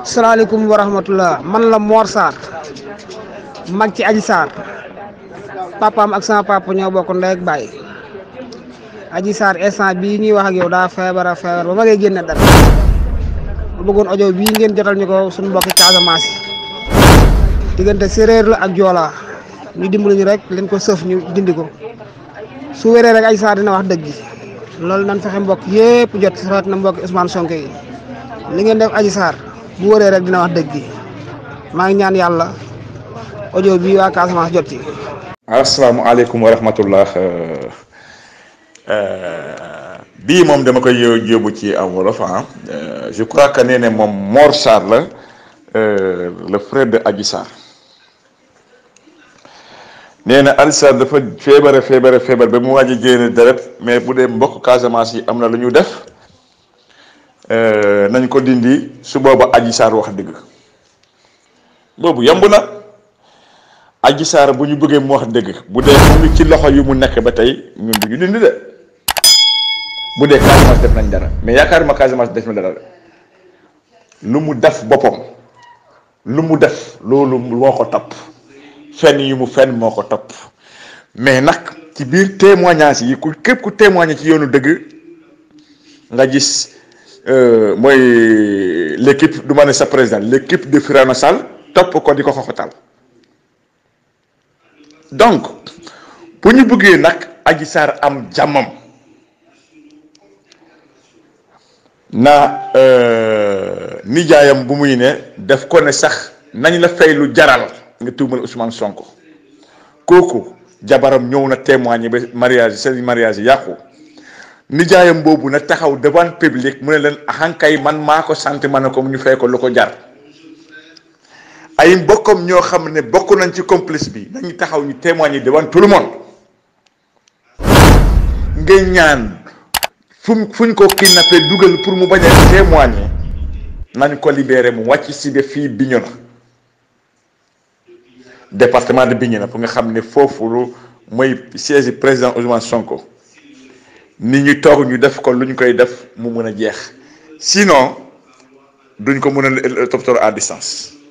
Assalamualaikum warahmatullah. man la Mor sar mag ci sar papa ak sama papa ñoo bokk ndey ak baay Adji Sarr instant bii ñuy wax ak yow daa feebar a feebar ba ma ngay génne dara bu bëggoon audio bii ngeen jotal ñu ko suñu mbokki Casamance diggante séeréer la ak su wéree rek Adji Sarr dina wax dëgg loolu nan fexe mbokk yëpp jot rawat na mbokk Ousmane Sonko yi li ngeen def aji Sarr bu wéree rek dina wax dëgg maa ngi ñaan yàlla audio bi waa Casamance jot ci. asalaamualeykum wa rahmatullah euh, euh, bii moom dama koy yóbbu ci aw wolof a ah. euh, je crois que nee ne moom Mor Sarr la le frère de aji Sarr. nee na Alioune dafa feebare feebare feebar ba mu waaj a génn deret mais bu dee mbokk Casamance yi am na lu ñu def euh, nañ ko dindi su booba Adji Sarr wax dëgg boobu yomb na Adji Sarr bu ñu bëggee mu wax dëgg bu dee ci loxo yi mu nekk ba tey ñun du ñu dindi de bu dee Casamance def nañ dara mais yaakaar ma Casamance def na dara lu mu def boppam lu mu def loolu moo ko tapp fenn yu mu fenn moo ko topp mais nag ci biir témoignage yi ku képp ku témoigner ci yoonu dëgg nga gis euh, mooy l'équipe du ma ne sa président l'équipe de Firawna Sall topp ko di ko xoxotal donc bu ñu bëggee nag Adji Sarr am jàmmam na euh, nijaayam bu muy ne def ko ne sax nañ la fay lu jaral nga tuumal Ousmane Sonko kooku jabaram ñëw na témoigner ba mariage seen mariage yàqu nijaayam boobu na taxaw devant public mu ne leen axankay man maa ko sant ma ne ko ñu fay ko ko jar ay mbokkam ñoo xam ne bokk nañ ci complice bi nañu taxaw ñu témoigner devant tout le monde ñaan fu fuñ ko kidnappé dugal pour mu bañ a nañ ko libéré mu wàcc si ba fii bi ñu na département de Bignona pour nga xam ne foofu mooy siège président Ousmane Sonko nit ñi toog ñu def ko lu ñu koy def mu mën a jeex sinon duñ ko mën a toppatoo à distance.